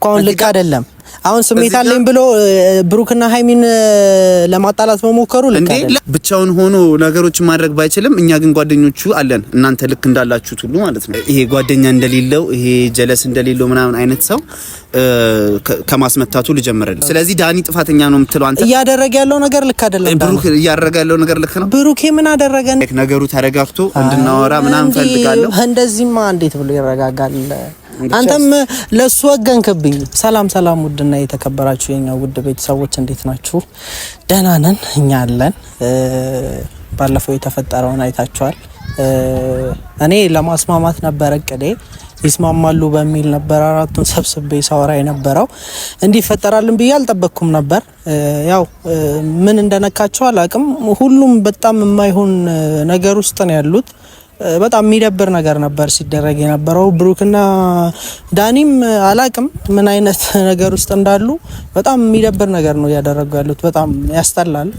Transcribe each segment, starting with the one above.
እኮ አሁን ልክ አይደለም። አሁን ስሜት አለኝ ብሎ ብሩክና ሀይሚን ለማጣላት መሞከሩ ልክ አይደለም። ብቻውን ሆኖ ነገሮችን ማድረግ ባይችልም፣ እኛ ግን ጓደኞቹ አለን። እናንተ ልክ እንዳላችሁት ሁሉ ማለት ነው። ይሄ ጓደኛ እንደሌለው ይሄ ጀለስ እንደሌለው ምናምን አይነት ሰው ከማስመታቱ ልጀምርልህ። ስለዚህ ዳኒ ጥፋተኛ ነው የምትለው አንተ እያደረገ ያለው ነገር ልክ አይደለም። ብሩክ እያደረገ ያለው ነገር ልክ ነው። ብሩክ ምን አደረገ? ነገሩ ተረጋግቶ እንድናወራ ምናምን ፈልጋለሁ። እንደዚህማ እንዴት ብሎ ይረጋጋል? አንተም ለሱ ወገንክብኝ። ሰላም ሰላም፣ ውድና የተከበራችሁ የኛ ውድ ቤተሰቦች እንዴት ናችሁ? ደህና ነን፣ እኛ አለን። ባለፈው የተፈጠረውን አይታችኋል። እኔ ለማስማማት ነበረ እቅዴ፣ ይስማማሉ በሚል ነበር አራቱን ሰብስቤ ሳወራ የነበረው። እንዲህ ይፈጠራልን ብዬ አልጠበቅኩም ነበር። ያው ምን እንደነካቸው አላቅም። ሁሉም በጣም የማይሆን ነገር ውስጥ ነው ያሉት በጣም የሚደብር ነገር ነበር ሲደረግ የነበረው። ብሩክና ዳኒም አላቅም ምን አይነት ነገር ውስጥ እንዳሉ። በጣም የሚደብር ነገር ነው እያደረጉ ያሉት። በጣም ያስጠላል።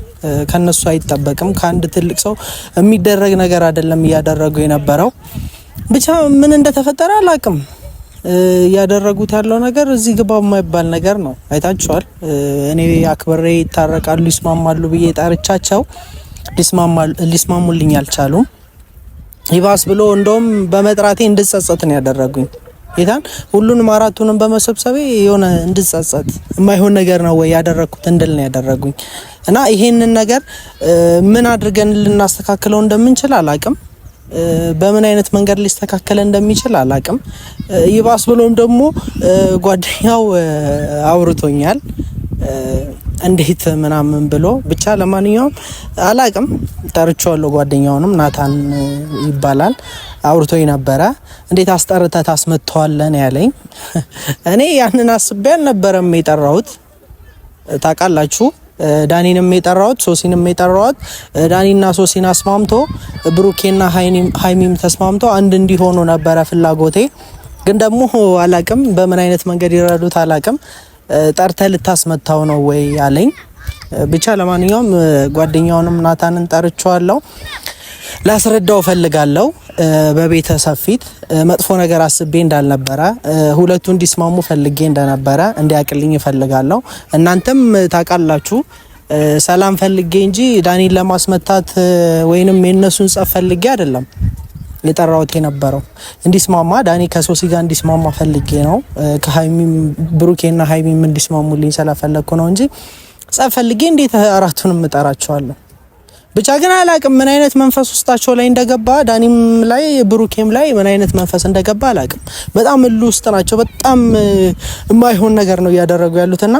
ከነሱ አይጠበቅም። ከአንድ ትልቅ ሰው የሚደረግ ነገር አይደለም እያደረጉ የነበረው። ብቻ ምን እንደተፈጠረ አላቅም። እያደረጉት ያለው ነገር እዚህ ግባ የማይባል ነገር ነው። አይታችኋል። እኔ አክብሬ ይታረቃሉ፣ ይስማማሉ ብዬ ጠርቻቸው ሊስማሙልኝ አልቻሉም። ይባስ ብሎ እንደውም በመጥራቴ እንድጸጸት ነው ያደረጉኝ። ይታን ሁሉንም አራቱንም በመሰብሰቤ የሆነ እንድጸጸት የማይሆን ነገር ነው ወይ ያደረኩት እንድል ነው ያደረጉኝ። እና ይሄንን ነገር ምን አድርገን ልናስተካክለው እንደምንችል አላቅም። በምን አይነት መንገድ ሊስተካከል እንደሚችል አላቅም። ይባስ ብሎም ደግሞ ጓደኛው አውርቶኛል እንዴት ምናምን ብሎ ብቻ ለማንኛውም አላቅም ጠርቼዋለሁ። ጓደኛውንም ናታን ይባላል አውርቶኝ ነበረ። እንዴት አስጠርተ ታስመጥተዋለን ያለኝ። እኔ ያንን አስቤ አልነበረም የጠራሁት ታውቃላችሁ። ዳኒንም የጠራሁት ሶሲንም የጠራሁት ዳኒና ሶሲን አስማምቶ ብሩኬና ሀይሚም ተስማምቶ አንድ እንዲሆኑ ነበረ ፍላጎቴ። ግን ደግሞ አላቅም በምን አይነት መንገድ ይረዱት አላቅም ጠርተ ልታስመታው ነው ወይ አለኝ። ብቻ ለማንኛውም ጓደኛውንም ናታንን ጠርቸዋለሁ። ላስረዳው ፈልጋለሁ በቤተሰብ ፊት መጥፎ ነገር አስቤ እንዳልነበረ ሁለቱ እንዲስማሙ ፈልጌ እንደነበረ እንዲያቅልኝ እፈልጋለሁ። እናንተም ታውቃላችሁ ሰላም ፈልጌ እንጂ ዳኒን ለማስመታት ወይንም የነሱን ጸብ ፈልጌ አይደለም። የጠራሁት የነበረው እንዲስማማ ዳኒ ከሶሲ ጋር እንዲስማማ ፈልጌ ነው። ከሀይሚም ብሩኬና ሀይሚም እንዲስማሙልኝ ስለፈለግኩ ነው እንጂ ጸብ ፈልጌ እንዴት አራቱንም እጠራቸዋለሁ? ብቻ ግን አላቅም ምን አይነት መንፈስ ውስጣቸው ላይ እንደገባ ዳኒም ላይ ብሩኬም ላይ ምን አይነት መንፈስ እንደገባ አላቅም። በጣም እሉ ውስጥ ናቸው። በጣም የማይሆን ነገር ነው እያደረጉ ያሉትና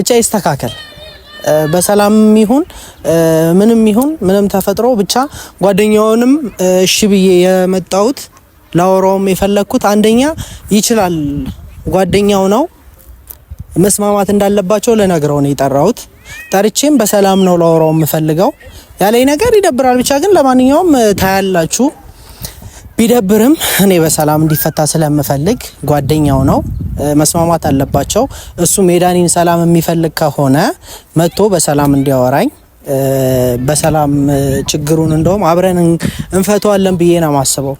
ብቻ ይስተካከል። በሰላም ይሁን ምንም ይሁን ምንም ተፈጥሮ ብቻ ጓደኛውንም እሺ ብዬ የመጣሁት ላወራውም የፈለግኩት አንደኛ ይችላል ጓደኛው ነው መስማማት እንዳለባቸው ልነግረው ነው የጠራሁት። ጠርቼም በሰላም ነው ላወራው የምፈልገው ያለኝ ነገር ይደብራል። ብቻ ግን ለማንኛውም ታያላችሁ ቢደብርም እኔ በሰላም እንዲፈታ ስለምፈልግ ጓደኛው ነው፣ መስማማት አለባቸው። እሱም ሜዳኒን ሰላም የሚፈልግ ከሆነ መጥቶ በሰላም እንዲያወራኝ በሰላም ችግሩን እንደውም አብረን እንፈተዋለን ብዬ ነው የማስበው።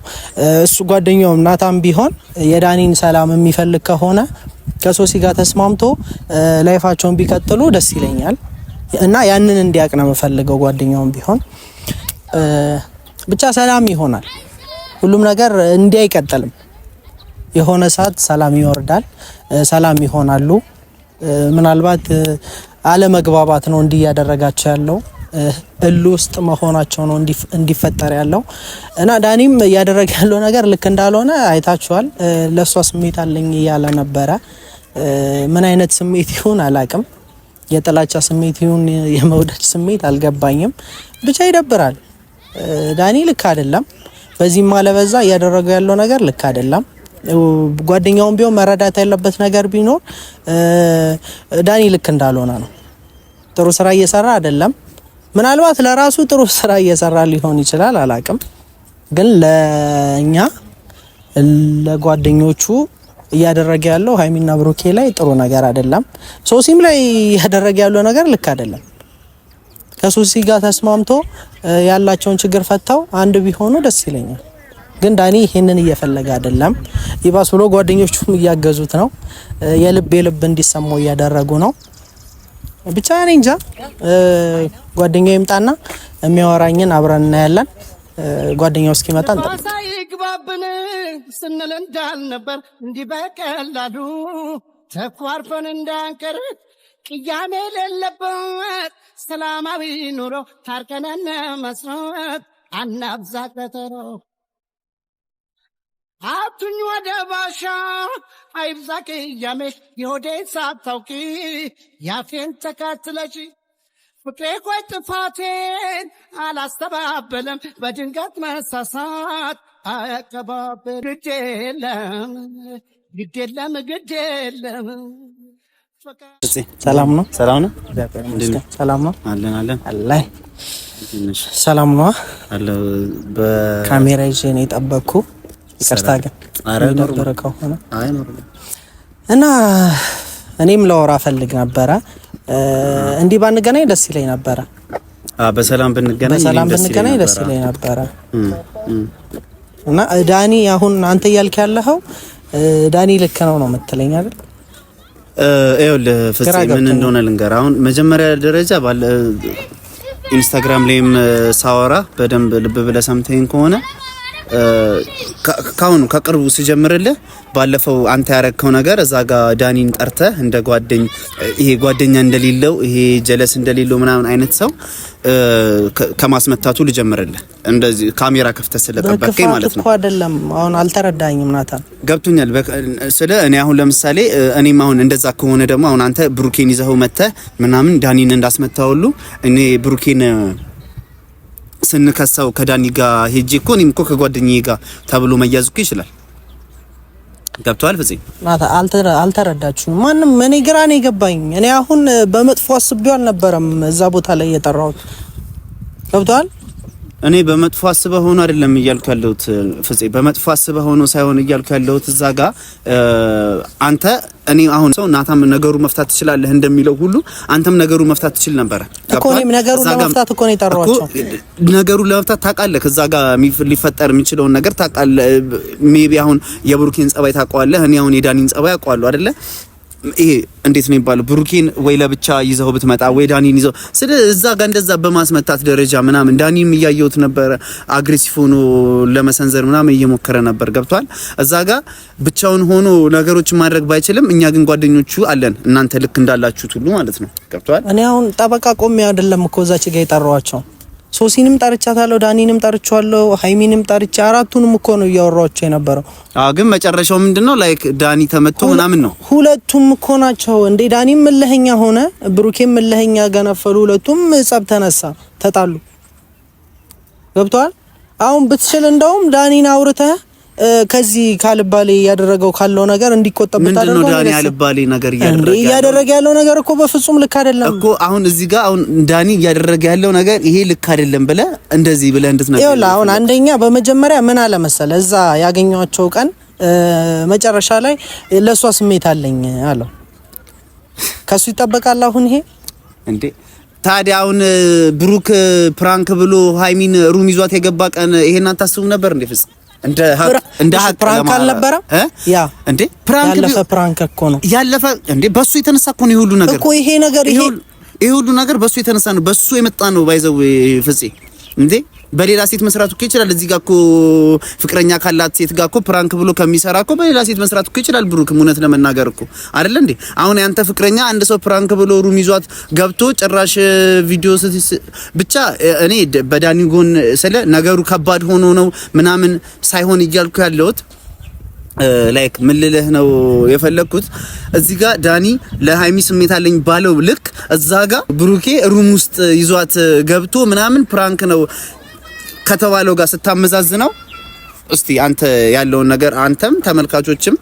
እሱ ጓደኛውም ናታም ቢሆን የዳኒን ሰላም የሚፈልግ ከሆነ ከሶሲ ጋር ተስማምቶ ላይፋቸውን ቢቀጥሉ ደስ ይለኛል እና ያንን እንዲያቅ ነው የምፈልገው። ጓደኛውም ቢሆን ብቻ ሰላም ይሆናል። ሁሉም ነገር እንዲህ አይቀጥልም። የሆነ ሰዓት ሰላም ይወርዳል፣ ሰላም ይሆናሉ። ምናልባት አለመግባባት ነው እንዲህ እያደረጋቸው ያለው እል ውስጥ መሆናቸው ነው እንዲፈጠር ያለው እና ዳኒም እያደረገ ያለው ነገር ልክ እንዳልሆነ አይታችኋል። ለእሷ ስሜት አለኝ እያለ ነበረ። ምን አይነት ስሜት ይሁን አላቅም። የጥላቻ ስሜት ይሁን የመውደድ ስሜት አልገባኝም። ብቻ ይደብራል። ዳኒ ልክ አይደለም። በዚህ ማለበዛ እያደረገ ያለው ነገር ልክ አይደለም። ጓደኛውም ቢሆን መረዳት ያለበት ነገር ቢኖር ዳኒ ልክ እንዳልሆነ ነው። ጥሩ ስራ እየሰራ አይደለም። ምናልባት ለራሱ ጥሩ ስራ እየሰራ ሊሆን ይችላል፣ አላቅም። ግን ለእኛ ለጓደኞቹ እያደረገ ያለው ሀይሚና ብሩኬ ላይ ጥሩ ነገር አይደለም። ሶሲም ላይ እያደረገ ያለው ነገር ልክ አይደለም። ከሱሲ ጋር ተስማምቶ ያላቸውን ችግር ፈታው አንድ ቢሆኑ ደስ ይለኛል። ግን ዳኒ ይሄንን እየፈለገ አይደለም። ይባስ ብሎ ጓደኞቹም እያገዙት ነው። የልብ የልብ እንዲሰማው እያደረጉ ነው። ብቻ እኔ እንጃ። ጓደኛው ይምጣና የሚያወራኝን አብረን እናያለን። ጓደኛው እስኪመጣ ይግባብን ስንል እንዳል ነበር እንዲህ በቀላሉ ተኳርፈን እንዳንቀር ቅያሜ የሌለበት ሰላማዊ ኑሮ ታርቀናነ መስረት አናብዛ ቀጠሮ አቱኝ ወደ ባሻ አይብዛ ቅያሜ የሆዴን ሳታውቂ ያፌን ተከትለሽ ፍቅሬ ቆይ ጥፋቴን አላስተባበለም በድንገት መሳሳት አያቀባበል ግድ የለም ግድ የለም ግድ የለም ሰላም ነው? ሰላም ነው? ሰላም ነው? አለን አለን። አላይ ሰላም ነው? አለ በካሜራ ይዤ ነው የጠበቅኩ። ይቅርታ ግን ነበረ ከሆነ እና እኔም ለወራ ፈልግ ነበረ። እንዲህ ባንገናኝ ደስ ይለኝ ነበረ። በሰላም ብንገናኝ በሰላም ብንገናኝ ደስ ይለኝ ነበረ እና ዳኒ፣ አሁን አንተ እያልክ ያለኸው ዳኒ ልክ ነው ነው የምትለኝ አይደል? ይኸውልህ ፍፄ ምን እንደሆነ ልንገር። አሁን መጀመሪያ ደረጃ ባለ ኢንስታግራም ላይም ሳወራ በደንብ ልብ ብለህ ሰምተኸኝ ከሆነ ካሁኑ ከቅርቡ ስጀምርልህ ባለፈው አንተ ያረከው ነገር እዛ ጋ ዳኒን ጠርተ እንደ ጓደኝ ይሄ ጓደኛ እንደሌለው ይሄ ጀለስ እንደሌለው ምናምን አይነት ሰው ከማስመታቱ ልጀምርልህ። እንደዚህ ካሜራ ከፍተ ስለጠበቀኝ ማለት ነው። አይደለም አሁን አልተረዳኝም። ናታን ገብቶኛል ስለ እኔ አሁን ለምሳሌ እኔም አሁን እንደዛ ከሆነ ደግሞ አሁን አንተ ብሩኬን ይዘኸው መተህ ምናምን ዳኒን እንዳስመታ ሁሉ እኔ ብሩኬን ስንከሰው ከዳኒ ጋር ሄጄ እኮ እኔም እኮ ከጓደኛዬ ጋር ተብሎ መያዝ እኮ ይችላል። ገብቷል ፍፄ አልተረዳችሁም። ማንም እኔ ግራ ነው የገባኝ። እኔ አሁን በመጥፎ አስቤው አልነበረም እዛ ቦታ ላይ የጠራሁት ገብቷል። እኔ በመጥፎ አስበ ሆኖ አይደለም እያልኩ ያለሁት ፍጼ፣ በመጥፎ አስበ ሆኖ ሳይሆን እያልኩ ያለሁት እዛ ጋ አንተ እኔ አሁን ሰው ናታም ነገሩ መፍታት ትችላለህ እንደሚለው ሁሉ አንተም ነገሩ መፍታት ትችል ነበረ እኮ። እኔም ነገሩ ለመፍታት እኮ ነው ነገሩ ለመፍታት ታውቃለህ፣ እዛ ጋ ሊፈጠር የሚችለውን ነገር ታውቃለህ። ሜቢ አሁን የብሩኬን ጸባይ ታውቀዋለህ፣ እኔ አሁን የዳኒን ጸባይ አውቀዋለሁ አይደለ ይሄ እንዴት ነው የሚባለው? ብሩኬን ወይ ለብቻ ይዘው ብትመጣ ወይ ዳኒን ይዘው ስለ እዛ ጋር እንደዛ በማስመታት ደረጃ ምናምን ዳኒም እያየሁት ነበረ። አግሬሲቭ ሆኖ ለመሰንዘር ምናምን እየሞከረ ነበር። ገብቷል። እዛ ጋር ብቻውን ሆኖ ነገሮችን ማድረግ ባይችልም፣ እኛ ግን ጓደኞቹ አለን። እናንተ ልክ እንዳላችሁት ሁሉ ማለት ነው። ገብቷል። እኔ አሁን ጠበቃ ቆሜ አይደለም እኮ እዛች ጋር የጠራኋቸው ሶሲንም ጠርቻታለሁ፣ ዳኒንም ጠርቻለሁ፣ ሀይሚንም ጠርቻ አራቱንም እኮ ነው እያወሯቸው የነበረው። አዎ ግን መጨረሻው ምንድነው? ላይክ ዳኒ ተመቶ ምናምን ነው። ሁለቱም እኮ ናቸው እንዴ! ዳኒም እልኸኛ ሆነ፣ ብሩኬም ምለህኛ ገነፈሉ። ሁለቱም ጸብ ተነሳ፣ ተጣሉ። ገብቷል። አሁን ብትችል እንደውም ዳኒን አውርተህ ከዚህ ካልባሌ ያደረገው ካለው ነገር እንዲቆጠብ ምንድን ዳኒ? አልባሌ ነገር እያደረገ ያለው ነገር እኮ በፍጹም ልክ አይደለም እኮ። አሁን እዚህ ጋር አሁን ዳኒ እያደረገ ያለው ነገር ይሄ ልክ አይደለም ብለ እንደዚህ ብለህ እንድትነግረኝ ይኸውልህ። አሁን አንደኛ በመጀመሪያ ምን አለ መሰለ እዛ ያገኘኋቸው ቀን መጨረሻ ላይ ለእሷ ስሜት አለኝ አለው። ከሱ ይጠበቃል አሁን ይሄ እንዴ? ታዲያ አሁን ብሩክ ፕራንክ ብሎ ሀይሚን ሩም ይዟት የገባ ቀን ይሄን አታስቡም ነበር እንዴ ፍጽም እንደ ሀቅ አልነበረም እንዴ? ፕራንክ ያለፈ ፕራንክ እኮ ነው ያለፈ። እንዴ በሱ የተነሳ እኮ ነው ይሁሉ ነገር እኮ ይሄ ነገር ይሄ ሁሉ ነገር በሱ የተነሳ ነው። በሱ የመጣ ነው ባይዘው ፍፄ እንዴ በሌላ ሴት መስራት እኮ ይችላል። እዚህ ጋር እኮ ፍቅረኛ ካላት ሴት ጋር እኮ ፕራንክ ብሎ ከሚሰራ እኮ በሌላ ሴት መስራት እኮ ይችላል። ብሩክ እውነት ለመናገር እኮ አይደለ እንዴ? አሁን ያንተ ፍቅረኛ አንድ ሰው ፕራንክ ብሎ ሩም ይዟት ገብቶ ጭራሽ ቪዲዮ ብቻ እኔ በዳኒ ጎን ስለ ነገሩ ከባድ ሆኖ ነው ምናምን ሳይሆን እያልኩ ያለሁት ላይክ ምን ልልህ ነው የፈለግኩት እዚህ ጋር ዳኒ ለሃይሚ ስሜት አለኝ ባለው ልክ እዛ ጋር ብሩኬ ሩም ውስጥ ይዟት ገብቶ ምናምን ፕራንክ ነው ከተባለው ጋር ነው። እስቲ አንተ ያለውን ነገር አንተም ተመልካቾችም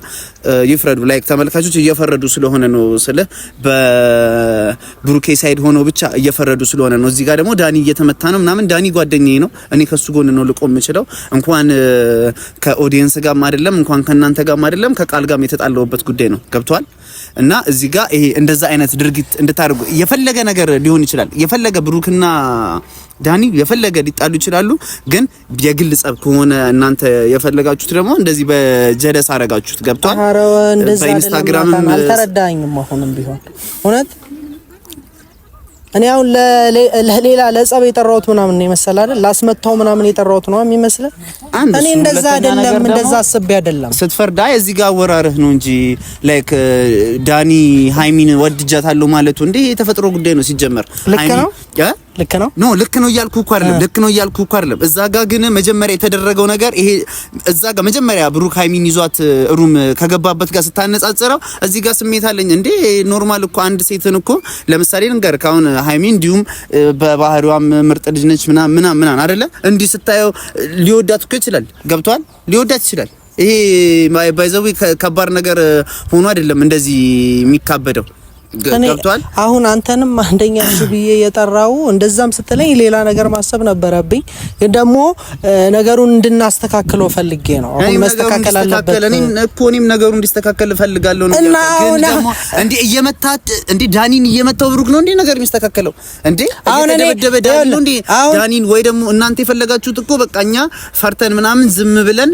ይፍረዱ። ላይክ ተመልካቾች እየፈረዱ ስለሆነ ነው ስለ በብሩኬ ሳይድ ሆኖ ብቻ እየፈረዱ ስለሆነ ነው። እዚህ ጋር ደግሞ ዳኒ እየተመታ ነው ምናምን። ዳኒ ጓደኛዬ ነው፣ እኔ ከሱ ጎን ነው ልቆም የምችለው። እንኳን ከኦዲየንስ ጋር አይደለም፣ እንኳን ከእናንተ ጋርም አይደለም፣ ከቃል ጋር የተጣለውበት ጉዳይ ነው። ገብቷል። እና እዚህ ጋር ይሄ እንደዛ አይነት ድርጊት እንድታደርጉ የፈለገ ነገር ሊሆን ይችላል የፈለገ ብሩክና ዳኒ የፈለገ ሊጣሉ ይችላሉ፣ ግን የግል ጸብ ከሆነ እናንተ የፈለጋችሁት ደግሞ እንደዚህ በጀለስ አረጋችሁት። ገብቷል። በኢንስታግራምም አልተረዳኝም። አሁንም ቢሆን እውነት እኔ አሁን ለሌላ ለጸብ የጠራሁት ምናምን ነው የመሰለ አይደል? ላስመታው ምናምን የጠራሁት ነው የሚመስለው። እኔ እንደዛ አይደለም፣ እንደዛ አስቤ አይደለም። ስትፈርዳ እዚህ ጋር አወራርህ ነው እንጂ ላይክ ዳኒ ሃይሚን ወድጃታለሁ ማለቱ እንዴ የተፈጥሮ ጉዳይ ነው ሲጀመር። ልክ ነው ልክ ነው ኖ ልክ ነው እያልኩ እኮ አይደለም፣ ልክ ነው እያልኩ እኮ አይደለም። እዛ ጋ ግን መጀመሪያ የተደረገው ነገር ይሄ እዛ ጋ መጀመሪያ ብሩክ ሀይሚን ይዟት ሩም ከገባበት ጋር ስታነጻጽረው እዚህ ጋር ስሜት አለኝ እንዴ ኖርማል እኮ አንድ ሴትን እኮ ለምሳሌ ንገር ካሁን ሀይሚ እንዲሁም በባህሪዋም ምርጥ ልጅ ነች ምናምን ምናምን ምናምን አይደለ እንዲህ ስታየው ሊወዳት እኮ ይችላል። ገብቷል? ሊወዳት ይችላል። ይሄ ባይዘዊ ከባድ ነገር ሆኖ አይደለም እንደዚህ የሚካበደው ገብቷል። አሁን አንተንም አንደኛ እሱ ብዬ የጠራው እንደዛም ስትለኝ ሌላ ነገር ማሰብ ነበረብኝ፣ ግን ደግሞ ነገሩን እንድናስተካክለው ፈልጌ ነው። አሁን መስተካከል አለበት። እኔም እኮ እኔም ነገሩን እንዲስተካከል ፈልጋለሁ ነው። ግን ደግሞ እንዴ እየመታት እንዴ ዳኒን እየመታው ብሩክ ነው እንዴ ነገር የሚስተካከለው እንዴ አሁን እኔ ደበደበ እንዴ ዳኒን ወይ ደግሞ እናንተ የፈለጋችሁት እኮ በቃ እኛ ፈርተን ምናምን ዝም ብለን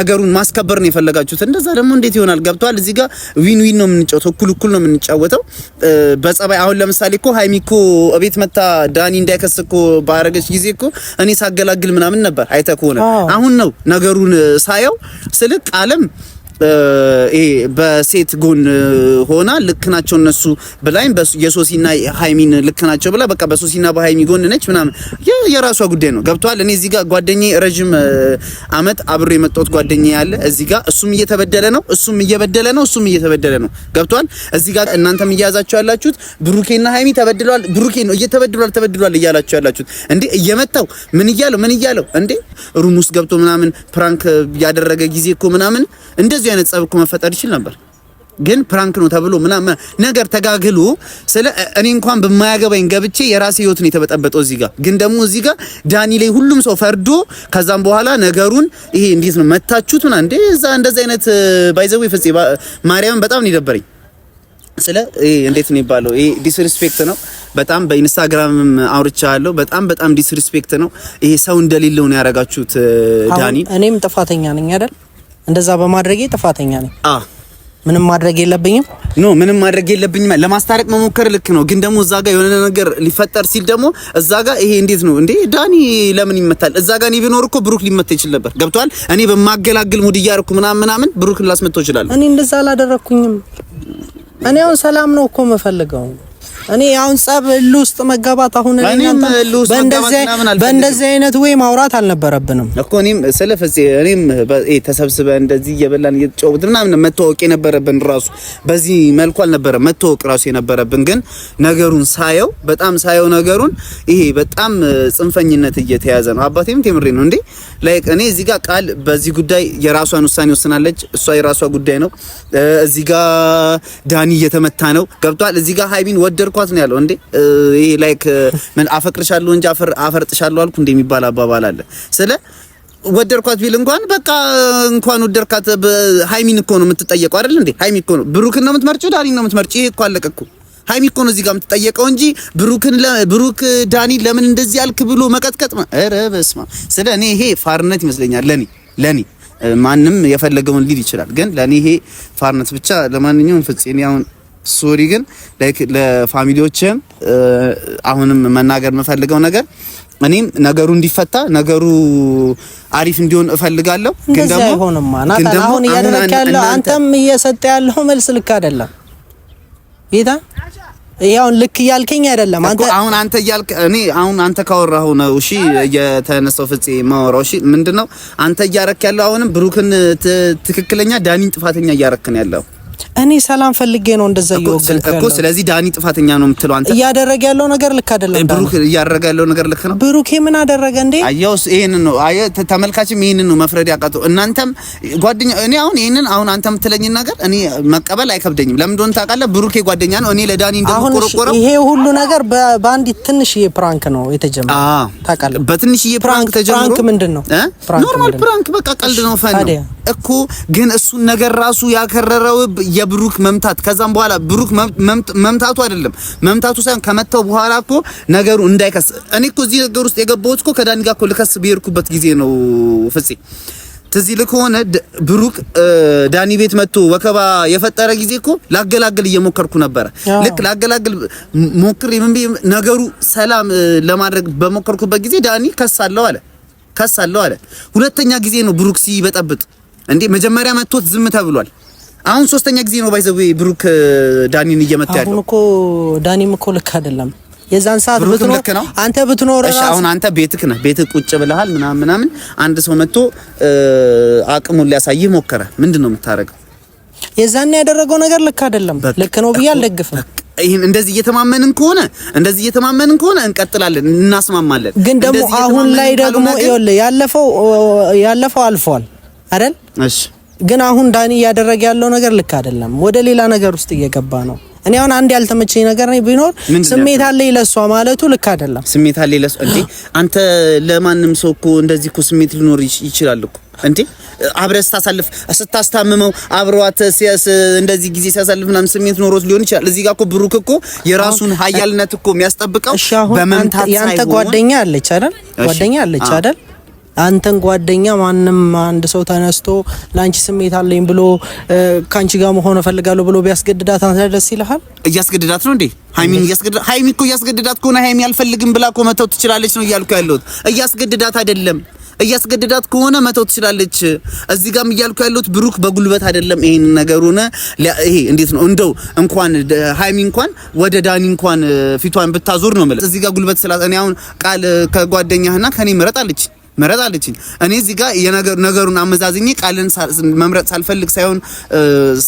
ነገሩን ማስከበር ነው የፈለጋችሁት። እንደዛ ደግሞ እንዴት ይሆናል? ገብቷል። እዚህ ጋር ዊን ዊን ነው የምንጫወተው፣ እኩል እኩል ነው የምንጫወተው የሚጫወተው በጸባይ። አሁን ለምሳሌ እኮ ሀይሚ እኮ እቤት መታ ዳኒ እንዳይከስ እኮ ባረገች ጊዜ እኮ እኔ ሳገላግል ምናምን ነበር አይተህ ከሆነ። አሁን ነው ነገሩን ሳየው ስልክ አለም በሴት ጎን ሆና ልክ ናቸው እነሱ ብላኝ የሶሲና ሃይሚን ልክ ናቸው ብላ በቃ በሶሲና በሃይሚ ጎን ነች ምናምን የራሷ ጉዳይ ነው። ገብቷል። እኔ እዚህ ጋር ጓደኛዬ ረጅም አመት አብሮ የመጣሁት ጓደኛዬ ያለ እዚህ ጋር እሱም እየተበደለ ነው፣ እሱም እየበደለ ነው፣ እሱም እየተበደለ ነው። ገብቷል። እዚህ ጋር እናንተም እያያዛችሁ ያላችሁት ብሩኬና ሃይሚ ተበድለዋል፣ ብሩኬ ነው እየተበድሏል፣ ተበድሏል እያላችሁ ያላችሁት እንዴ እየመታው ምን እያለው ምን እያለው እንዴ ሩም ውስጥ ገብቶ ምናምን ፕራንክ ያደረገ ጊዜ እኮ ምናምን እንደዚህ አይነት ጸብ እኮ መፈጠር ይችል ነበር። ግን ፕራንክ ነው ተብሎ ምናምን ነገር ተጋግሎ ስለ እኔ እንኳን በማያገባኝ ገብቼ የራሴ ህይወት ነው የተበጠበጠው። እዚህ ጋር ግን ደግሞ እዚህ ጋር ዳኒ ላይ ሁሉም ሰው ፈርዶ ከዛም በኋላ ነገሩን ይሄ እንዴት ነው መታችሁት ምናምን እንደ እዛ እንደዚህ አይነት ባይዘው ይፈጽ ማርያምን በጣም ነው የደበረኝ። ስለ ይሄ እንዴት ነው የሚባለው? ይሄ ዲስሪስፔክት ነው በጣም በኢንስታግራም አውርቻለሁ። በጣም በጣም ዲስሪስፔክት ነው ይሄ። ሰው እንደሌለው ነው ያደረጋችሁት ዳኒ። እኔም ጥፋተኛ ነኝ አይደል? እንደዛ በማድረጌ ጥፋተኛ ነኝ። ምንም ማድረግ የለብኝም። ኖ ምንም ማድረግ የለብኝም። ለማስታረቅ መሞከር ልክ ነው፣ ግን ደግሞ እዛ ጋር የሆነ ነገር ሊፈጠር ሲል ደግሞ እዛ ጋር ይሄ እንዴት ነው እንዴ? ዳኒ ለምን ይመታል? እዛ ጋር እኔ ቢኖር እኮ ብሩክ ሊመታ ይችል ነበር። ገብቷል። እኔ በማገላግል ሙድ እያደረኩ ምናምን ምናምን ብሩክ ላስመታው ይችላል። እኔ እንደዛ አላደረኩኝም። እኔ አሁን ሰላም ነው እኮ የምፈልገው እኔ አሁን ጸብ እል ውስጥ መጋባት አሁን በእንደዚህ አይነት ወይ ማውራት አልነበረብንም እኮ እኔም ስለ ፍፄ እኔም ተሰብስበ እንደዚህ እየበላን እየተጫወትን ምናምን መተዋወቅ የነበረብን ራሱ በዚህ መልኩ አልነበረ መተዋወቅ ራሱ የነበረብን ግን ነገሩን ሳየው በጣም ሳየው ነገሩን ይሄ በጣም ጽንፈኝነት እየተያዘ ነው። አባቴም ቴምሬ ነው እንዴ ላይክ እኔ እዚህ ጋር ቃል በዚህ ጉዳይ የራሷን ውሳኔ ወስናለች። እሷ የራሷ ጉዳይ ነው። እዚህ ጋር ዳኒ እየተመታ ነው። ገብቷል። እዚህ ጋር ሀይሚን ወደር እያፈቀርኳት ነው ያለው። እንዴ ይሄ ላይክ ምን አፈቅርሻለሁ እንጂ አፈር አፈርጥሻለሁ አልኩ እንዴ የሚባል አባባል አለ። ስለ ወደድኳት ቢል እንኳን በቃ እንኳን ወደድካት ሃይሚን እኮ ነው የምትጠየቀው አይደል እንዴ? ሃይሚ እኮ ነው ብሩክን ነው የምትመርጪው፣ ዳኒን ነው የምትመርጪው። ይሄ እኮ አለቀ እኮ ሃይሚ እኮ ነው እዚህ ጋር የምትጠየቀው እንጂ ብሩክን ለብሩክ ዳኒ ለምን እንደዚህ አልክ ብሎ መቀጥቀጥ ኧረ በስመ አብ። ስለ እኔ ይሄ ፋርነት ይመስለኛል ለኔ ለኔ ማንም የፈለገውን ሊል ይችላል፣ ግን ለኔ ይሄ ፋርነት ብቻ። ለማንኛውም ፍፄ እኔ አሁን ሶሪ ግን ለፋሚሊዎችም አሁንም መናገር የምፈልገው ነገር እኔም ነገሩ እንዲፈታ ነገሩ አሪፍ እንዲሆን እፈልጋለሁ። ግን ደግሞ አሁን እያደረክ ያለው አንተም እየሰጠ ያለው መልስ ልክ አይደለም። ጌታ ያውን ልክ እያልከኝ አይደለም። አንተ አሁን አንተ እያልክ እኔ አሁን አንተ ካወራሁ ነው እሺ፣ የተነሳው ፍጽ ማወራው እሺ፣ ምንድነው አንተ እያረክ ያለው አሁንም ብሩክን ትክክለኛ ዳኒን ጥፋተኛ እያረክ ያለው እኔ ሰላም ፈልጌ ነው እንደዛ እኮ። ስለዚህ ዳኒ ጥፋተኛ ነው የምትለው አንተ። እያደረገ ያለው ነገር ልክ አይደለም። ብሩክ እያደረገ ያለው ነገር ልክ ነው። ብሩክ ምን አደረገ እንዴ? አየውስ፣ ይሄን ነው አየ፣ ተመልካችም ይሄን ነው መፍረድ ያቃተው። እናንተም ጓደኛ፣ እኔ አሁን ይሄንን አሁን አንተ የምትለኝ ነገር እኔ መቀበል አይከብደኝም። ለምን እንደሆነ ታውቃለህ? ብሩኬ ጓደኛ ነው። እኔ ለዳኒ እንደምቆረቆረ ይሄ ሁሉ ነገር በአንድ ትንሽዬ ፕራንክ ነው የተጀመረው። ታውቃለህ፣ በትንሽዬ ፕራንክ ተጀምሮ ፕራንክ ምንድን ነው ኖርማል ፕራንክ፣ በቃ ቀልድ ነው፣ ፈን ነው እኮ። ግን እሱን ነገር ራሱ ያከረረው የብሩክ መምታት ከዛም በኋላ ብሩክ መምታቱ አይደለም መምታቱ ሳይሆን ከመታው በኋላ እኮ ነገሩ እንዳይከስ እኔ እኮ እዚህ ነገር ውስጥ የገባሁት እኮ ከዳኒ ጋር እኮ ልከስ ብሄድኩበት ጊዜ ነው። ፍፄ ትዝ ይልህ ከሆነ ብሩክ ዳኒ ቤት መጥቶ ወከባ የፈጠረ ጊዜ እኮ ላገላግል እየሞከርኩ ነበረ። ልክ ላገላግል ሞክር ምን ብዬ ነገሩ ሰላም ለማድረግ በሞከርኩበት ጊዜ ዳኒ ከሳለው አለ ከሳለው አለ። ሁለተኛ ጊዜ ነው ብሩክ ሲበጠብጥ እንዴ መጀመሪያ መጥቶት ዝም ተብሏል። አሁን ሶስተኛ ጊዜ ነው ባይዘው ብሩክ ዳኒን እየመታ ያለው። አሁን እኮ ዳኒም እኮ ልክ አይደለም። የዛን ሰዓት ብትኖር አንተ ብትኖር እሺ፣ አሁን አንተ ቤትክ ነህ፣ ቤትህ ቁጭ ብለሃል ምናምን ምናምን። አንድ ሰው መጥቶ አቅሙን ሊያሳይህ ሞከረ። ምንድን ነው የምታደርገው? የዛን ያደረገው ነገር ልክ አይደለም። ልክ ነው ብዬ አልደግፍም። ይሄን እንደዚህ እየተማመንን ከሆነ እንደዚህ እየተማመንን ከሆነ እንቀጥላለን፣ እናስማማለን። ግን ደግሞ አሁን ላይ ደግሞ ያለፈው ያለፈው አልፏል አይደል? እሺ ግን አሁን ዳኒ እያደረገ ያለው ነገር ልክ አይደለም። ወደ ሌላ ነገር ውስጥ እየገባ ነው። እኔ አሁን አንድ ያልተመቸኝ ነገር ነው ቢኖር ስሜት አለ ይለሷ ማለቱ ልክ አይደለም። ስሜት አለ ይለሷ እንዴ! አንተ ለማንም ሰው እኮ እንደዚህ እኮ ስሜት ሊኖር ይችላል እኮ እንዴ! አብረህ ስታሳልፍ ስታስታምመው አብረዋት ሲያስ እንደዚህ ጊዜ ሲያሳልፍ ምናምን ስሜት ኖሮት ሊሆን ይችላል። እዚህ ጋር እኮ ብሩክ እኮ የራሱን ሀያልነት እኮ የሚያስጠብቀው በመምታት ሳይሆን ያንተ ጓደኛ አለች አይደል? ጓደኛ አለች አይደል? አንተን ጓደኛ ማንም አንድ ሰው ተነስቶ ለአንቺ ስሜት አለኝ ብሎ ከአንቺ ጋር መሆን እፈልጋለሁ ብሎ ቢያስገድዳት አንተ ደስ ይልሃል? እያስገድዳት ነው እንዴ? ሃይሚን እያስገድዳት ሃይሚ እኮ እያስገድዳት ከሆነ ሃይሚ አልፈልግም ብላ እኮ መተው ትችላለች ነው እያልኩ ያለሁት። እያስገድዳት አይደለም እያስገድዳት ከሆነ መተው ትችላለች። እዚህ ጋርም እያልኩ ያለሁት ብሩክ በጉልበት አይደለም ይሄን ነገሩን ይሄ እንዴት ነው እንደው እንኳን ሃይሚ እንኳን ወደ ዳኒ እንኳን ፊቷን ብታዞር ነው ማለት እዚህ ጋር ጉልበት ስላት እኔ አሁን ቃል ከጓደኛህና ከኔ ምረጥ አለች ምረጥ አለችኝ። እኔ እዚህ ጋር ነገሩን አመዛዝኜ ቃልን መምረጥ ሳልፈልግ ሳይሆን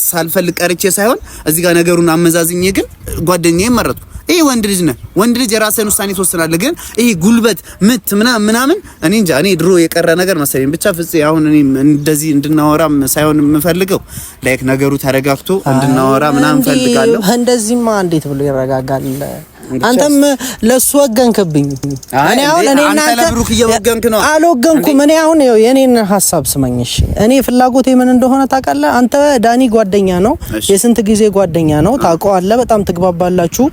ሳልፈልግ ቀርቼ ሳይሆን እዚህ ጋር ነገሩን አመዛዝኜ ግን ጓደኛዬ መረጥኩ። ይሄ ወንድ ልጅ ነህ፣ ወንድ ልጅ የራስህን ውሳኔ ትወስናለህ። ግን ይሄ ጉልበት ምት ምናምን ምናምን እኔ እንጃ፣ እኔ ድሮ የቀረ ነገር መሰለኝ። ብቻ ፍጽ አሁን እኔ እንደዚህ እንድናወራም ሳይሆን የምፈልገው ላይክ ነገሩ ተረጋግቶ እንድናወራ ምናምን ፈልጋለሁ። እንደዚህማ እንዴት ብሎ ይረጋጋል? አንተም ለሱ ወገንክብኝ። እኔ አሁን እኔ እናንተ ለብሩክ እየወገንክ ነው። አልወገንኩም። እኔ አሁን ያው የኔን ሀሳብ ስመኝሽ፣ እኔ ፍላጎቴ ምን እንደሆነ ታውቃለህ አንተ። ዳኒ ጓደኛ ነው፣ የስንት ጊዜ ጓደኛ ነው፣ ታውቀዋለህ። በጣም ትግባባላችሁ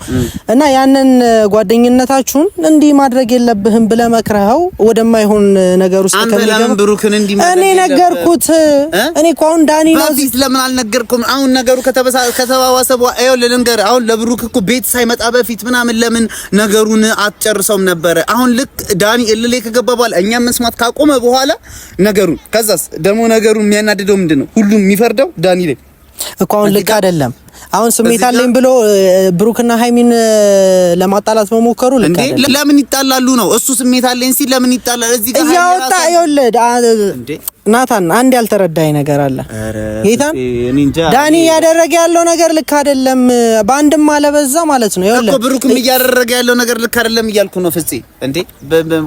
እና ያንን ጓደኝነታችሁን እንዲህ ማድረግ የለብህም ብለህ መክረኸው ወደማይሆን ነገር ውስጥ ከሚገባ ብሩክን እንዲህ እኔ ነገርኩት። እኔ እኮ አሁን ዳኒ ነው እዚህ ለምን አልነገርኩም? አሁን ነገሩ ከተባባሰ በኋላ ይኸውልህ፣ ልንገርህ አሁን ለብሩክ እኮ ቤት ሳይመጣ በፊት ምናምን ምናምን ለምን ነገሩን አትጨርሰውም ነበረ? አሁን ልክ ዳኒ እልሌ ከገባ በኋላ እኛም መስማት ካቆመ በኋላ ነገሩን ከዛስ ደግሞ ነገሩን የሚያናድደው ምንድን ነው? ሁሉም የሚፈርደው ዳኒ ላይ እኮ አሁን ልክ አይደለም። አሁን ስሜት አለኝ ብሎ ብሩክና ሃይሚን ለማጣላት መሞከሩ እንዴ? ለምን ይጣላሉ ነው? እሱ ስሜት አለኝ ሲል ለምን ይጣላል? እዚህ ጋር ያወጣ ይወለድ ናታን፣ አንድ ያልተረዳኝ ነገር አለ ጌታን። ዳኒ እያደረገ ያለው ነገር ልክ አይደለም፣ በአንድም አለበዛ ማለት ነው። ይወለድ እኮ ብሩክም እያደረገ ያለው ነገር ልክ አይደለም እያልኩ ነው። ፍፄ እንዴ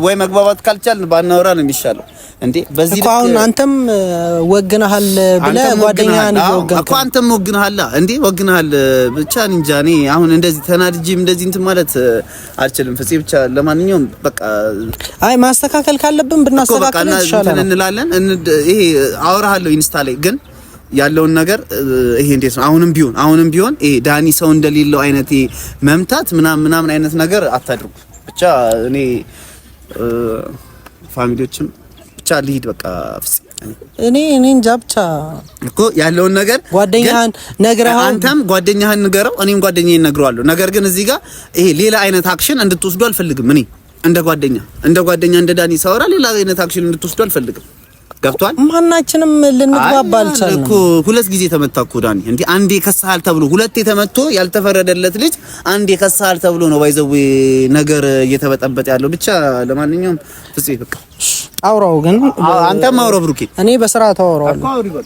ወይ መግባባት ካልቻልን ባናወራ ነው የሚሻለው። እንዴ በዚህ እኮ አሁን አንተም ወግነሃል ብለህ ጓደኛህን እየወገንክ እኮ አንተም ወግነሃል እንዴ አመሰግናል። ብቻ እንጃ እኔ አሁን እንደዚህ ተናድጄም እንደዚህ እንትን ማለት አልችልም። ፍፄ ብቻ ለማንኛውም በቃ አይ ማስተካከል ካለብን ብናስተካከል ይሻላል እንላለን። ይሄ አወራሃለሁ ኢንስታ ላይ ግን ያለውን ነገር ይሄ እንዴት ነው? አሁንም ቢሆን አሁንም ቢሆን ይሄ ዳኒ ሰው እንደሌለው አይነት መምታት ምናምን ምናምን አይነት ነገር አታድርጉ። ብቻ እኔ ፋሚሊዎችም ብቻ ልሂድ በቃ ፍፄ እኔ እኔ እንጃ ብቻ እኮ ያለውን ነገር ጓደኛህን ነግረሃል። አንተም ጓደኛህን ንገረው፣ እኔም ጓደኛዬን ነግረዋለሁ። ነገር ግን እዚህ ጋር ይሄ ሌላ አይነት አክሽን እንድትወስዱ አልፈልግም። እኔ እንደ ጓደኛ እንደ ጓደኛ እንደ ዳኒ ሳወራ ሌላ አይነት አክሽን እንድትወስዱ አልፈልግም። ገብቷል። ማናችንም ልንግባባ አልቻልንም እኮ ሁለት ጊዜ ተመታ እኮ ዳኒ። እንዴ አንዴ ከሳል ተብሎ ሁለቴ ተመቶ ያልተፈረደለት ልጅ አንዴ ከሳል ተብሎ ነው ባይዘው ነገር እየተበጠበጠ ያለው ብቻ። ለማንኛውም ፍጽይ በቃ አውራው ግን አንተም አውራው ብሩኬ፣ እኔ በስራ አውሪ አወራዋለሁ።